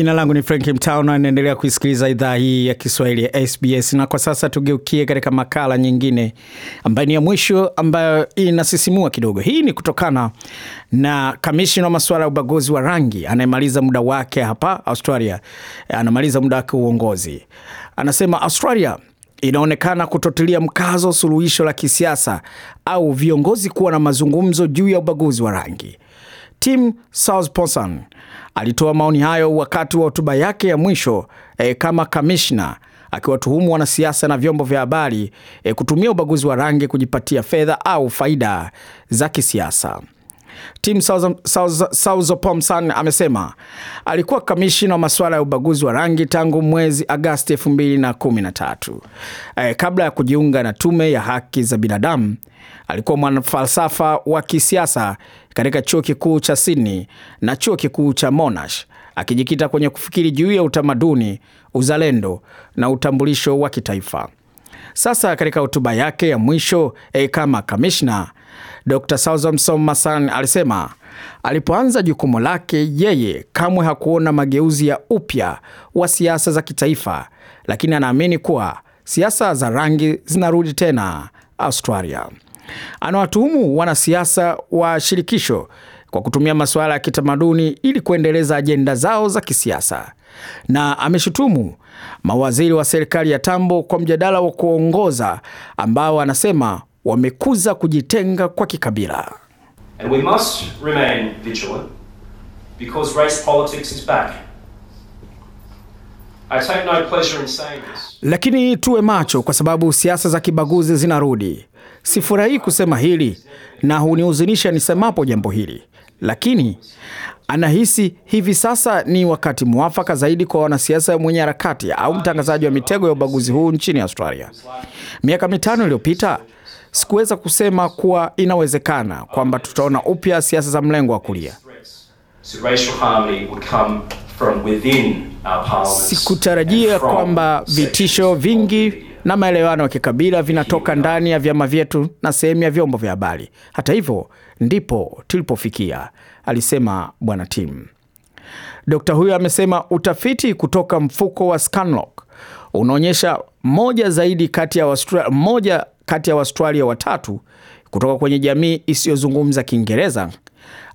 Jina langu ni Frank Mtao na naendelea kuisikiliza idhaa hii ya Kiswahili ya SBS, na kwa sasa tugeukie katika makala nyingine ambayo ni ya mwisho ambayo inasisimua kidogo. Hii ni kutokana na kamishna wa masuala ya ubaguzi wa rangi anayemaliza muda wake hapa Australia, anamaliza muda wake uongozi. Anasema Australia inaonekana kutotilia mkazo suluhisho la kisiasa au viongozi kuwa na mazungumzo juu ya ubaguzi wa rangi. Tim Salzposan alitoa maoni hayo wakati wa hotuba yake ya mwisho e, kama kamishna akiwatuhumu wanasiasa na vyombo vya habari e, kutumia ubaguzi wa rangi kujipatia fedha au faida za kisiasa. Tim Sauzopomsan amesema alikuwa kamishina wa masuala ya ubaguzi wa rangi tangu mwezi Agasti 2013. E, kabla ya kujiunga na tume ya haki za binadamu alikuwa mwanafalsafa wa kisiasa katika chuo kikuu cha Sydney na chuo kikuu cha Monash akijikita kwenye kufikiri juu ya utamaduni, uzalendo na utambulisho wa kitaifa. Sasa katika hotuba yake ya mwisho e, kama kamishna Dr. Salzamson Masan alisema alipoanza jukumu lake yeye kamwe hakuona mageuzi ya upya wa siasa za kitaifa, lakini anaamini kuwa siasa za rangi zinarudi tena Australia. Anawatuhumu wanasiasa wa shirikisho kwa kutumia masuala ya kitamaduni ili kuendeleza ajenda zao za kisiasa, na ameshutumu mawaziri wa serikali ya Tambo kwa mjadala wa kuongoza ambao anasema wamekuza kujitenga kwa kikabila. And we must remain vigilant because race politics is back. I take no pleasure in saying this. Lakini tuwe macho kwa sababu siasa za kibaguzi zinarudi. Sifurahii kusema hili na hunihuzunisha nisemapo jambo hili, lakini anahisi hivi sasa ni wakati mwafaka zaidi kwa wanasiasa mwenye harakati au mtangazaji wa mitego ya ubaguzi huu nchini Australia. Miaka mitano iliyopita sikuweza kusema kuwa inawezekana kwamba tutaona upya siasa za mlengo wa kulia. Sikutarajia kwamba vitisho vingi na maelewano ya kikabila vinatoka ndani ya vyama vyetu na sehemu ya vyombo vya habari. Hata hivyo, ndipo tulipofikia, alisema Bwana Tim. Dokta huyo amesema utafiti kutoka mfuko wa Scanlock unaonyesha moja zaidi kati ya moja kati ya Waustralia watatu kutoka kwenye jamii isiyozungumza Kiingereza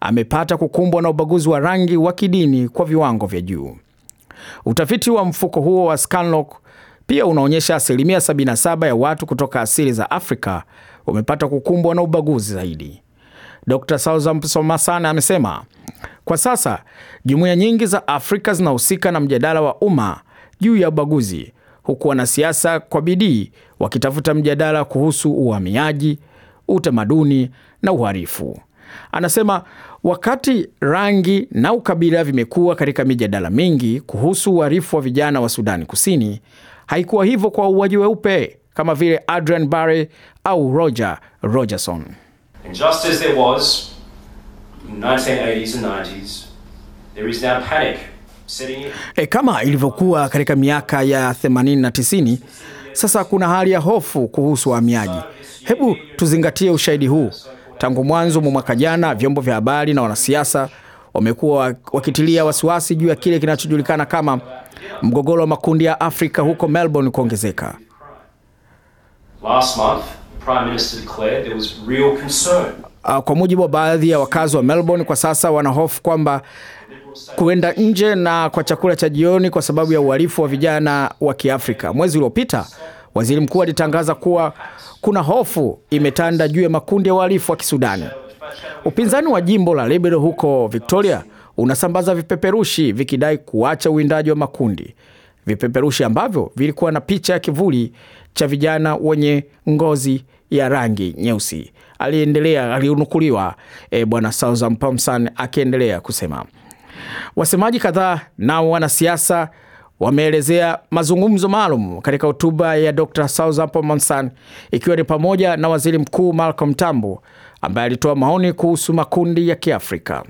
amepata kukumbwa na ubaguzi wa rangi wa kidini kwa viwango vya juu. Utafiti wa mfuko huo wa Scanlock pia unaonyesha asilimia 77 ya watu kutoka asili za Afrika wamepata kukumbwa na ubaguzi zaidi. Dr Southampson Masana amesema kwa sasa jumuiya nyingi za Afrika zinahusika na mjadala wa umma juu ya ubaguzi huku wanasiasa kwa bidii wakitafuta mjadala kuhusu uhamiaji, utamaduni na uhalifu. Anasema wakati rangi na ukabila vimekuwa katika mijadala mingi kuhusu uhalifu wa vijana wa Sudani Kusini, haikuwa hivyo kwa wauaji weupe kama vile Adrian Barre au Roger Rogerson. And E, kama ilivyokuwa katika miaka ya 80 na 90, sasa kuna hali ya hofu kuhusu wahamiaji. Hebu tuzingatie ushahidi huu. Tangu mwanzo mwa mwaka jana, vyombo vya habari na wanasiasa wamekuwa wakitilia wasiwasi juu ya kile kinachojulikana kama mgogoro wa makundi ya Afrika huko Melbourne kuongezeka. Uh, kwa mujibu wa baadhi ya wakazi wa Melbourne, kwa sasa wanahofu kwamba kuenda nje na kwa chakula cha jioni kwa sababu ya uhalifu wa vijana wa Kiafrika. Mwezi uliopita waziri mkuu alitangaza kuwa kuna hofu imetanda juu ya makundi ya uhalifu wa Kisudani. Upinzani wa jimbo la Liberal huko Victoria unasambaza vipeperushi vikidai kuacha uwindaji wa makundi, vipeperushi ambavyo vilikuwa na picha ya kivuli cha vijana wenye ngozi ya rangi nyeusi. Aliendelea, alinukuliwa e, bwana Southampton akiendelea kusema, wasemaji kadhaa na wanasiasa wameelezea mazungumzo maalum katika hotuba ya Dr. Southampton ikiwa ni pamoja na waziri mkuu Malcolm Tambo ambaye alitoa maoni kuhusu makundi ya Kiafrika.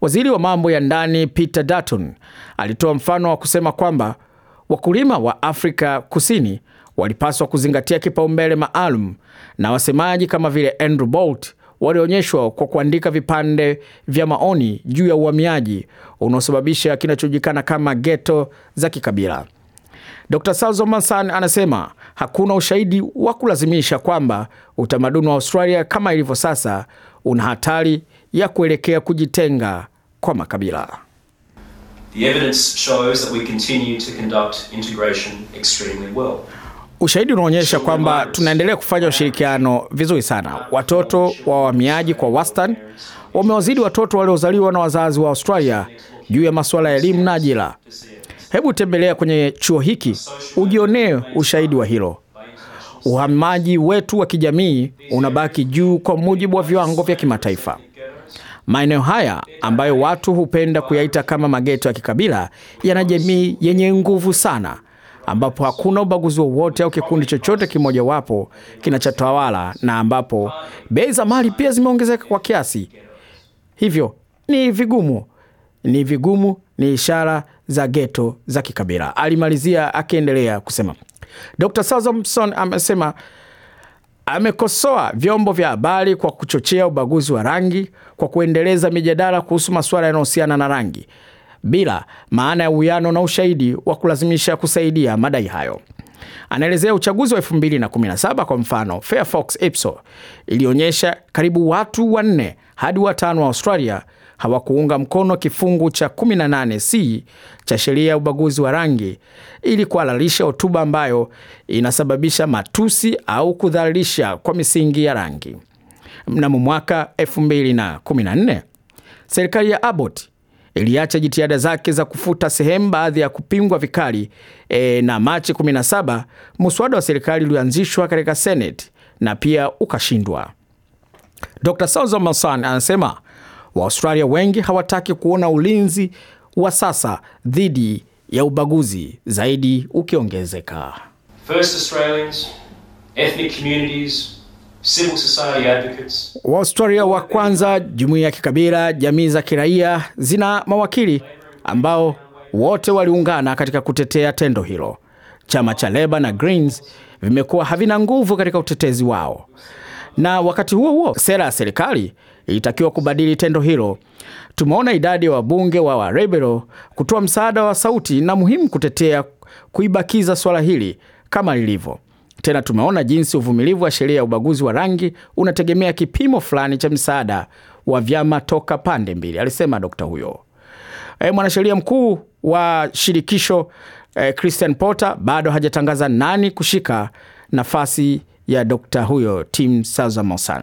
Waziri wa mambo ya ndani Peter Dutton alitoa mfano wa kusema kwamba wakulima wa Afrika Kusini walipaswa kuzingatia kipaumbele maalum na wasemaji kama vile Andrew Bolt walionyeshwa kwa kuandika vipande vya maoni juu ya uhamiaji unaosababisha kinachojulikana kama geto za kikabila. Dr. Salzo Mansan anasema hakuna ushahidi wa kulazimisha kwamba utamaduni wa Australia kama ilivyo sasa una hatari ya kuelekea kujitenga kwa makabila. The evidence shows that we continue to conduct integration extremely well. Ushahidi unaonyesha kwamba tunaendelea kufanya ushirikiano vizuri sana. Watoto wa wahamiaji kwa wastani wamewazidi watoto waliozaliwa na wazazi wa Australia juu ya masuala ya elimu na ajira. Hebu tembelea kwenye chuo hiki ujionee ushahidi wa hilo. Uhamaji wetu wa kijamii unabaki juu kwa mujibu wa viwango vya kimataifa. Maeneo haya ambayo watu hupenda kuyaita kama mageto ya kikabila yana jamii yenye nguvu sana ambapo hakuna ubaguzi wowote au kikundi chochote kimojawapo kinachotawala na ambapo bei za mali pia zimeongezeka kwa kiasi. Hivyo ni vigumu, ni vigumu, ni ishara za geto za kikabila, alimalizia akiendelea kusema. Dr. Sazomson amesema amekosoa vyombo vya habari kwa kuchochea ubaguzi wa rangi kwa kuendeleza mijadala kuhusu masuala yanayohusiana na rangi bila maana ya uwiano na ushahidi wa kulazimisha kusaidia madai hayo. Anaelezea uchaguzi wa 2017 kwa mfano, Fairfax Ipso ilionyesha karibu watu wanne hadi watano wa Australia hawakuunga mkono kifungu cha 18c cha sheria ya ubaguzi wa rangi ili kuhalalisha hotuba ambayo inasababisha matusi au kudhalilisha kwa misingi ya rangi. Mnamo mwaka 2014 serikali ya Abbott iliacha jitihada zake za kufuta sehemu baadhi ya kupingwa vikali e, na Machi 17 muswada wa serikali ulioanzishwa katika Seneti na pia ukashindwa. Dr Sauza Masan anasema Waaustralia wengi hawataki kuona ulinzi wa sasa dhidi ya ubaguzi zaidi ukiongezeka. First Australians, ethnic communities Waaustralia wa kwanza, jumuiya ya kikabila, jamii za kiraia zina mawakili ambao wote waliungana katika kutetea tendo hilo. Chama cha Leba na Greens vimekuwa havina nguvu katika utetezi wao, na wakati huo huo sera ya serikali ilitakiwa kubadili tendo hilo. Tumeona idadi ya wa wabunge wa warebelo kutoa msaada wa sauti, na muhimu kutetea kuibakiza swala hili kama lilivyo. Tena tumeona jinsi uvumilivu wa sheria ya ubaguzi wa rangi unategemea kipimo fulani cha msaada wa vyama toka pande mbili, alisema dokta huyo. E, mwanasheria mkuu wa shirikisho e, Christian Porter bado hajatangaza nani kushika nafasi ya dokta huyo Tim Sazamosan.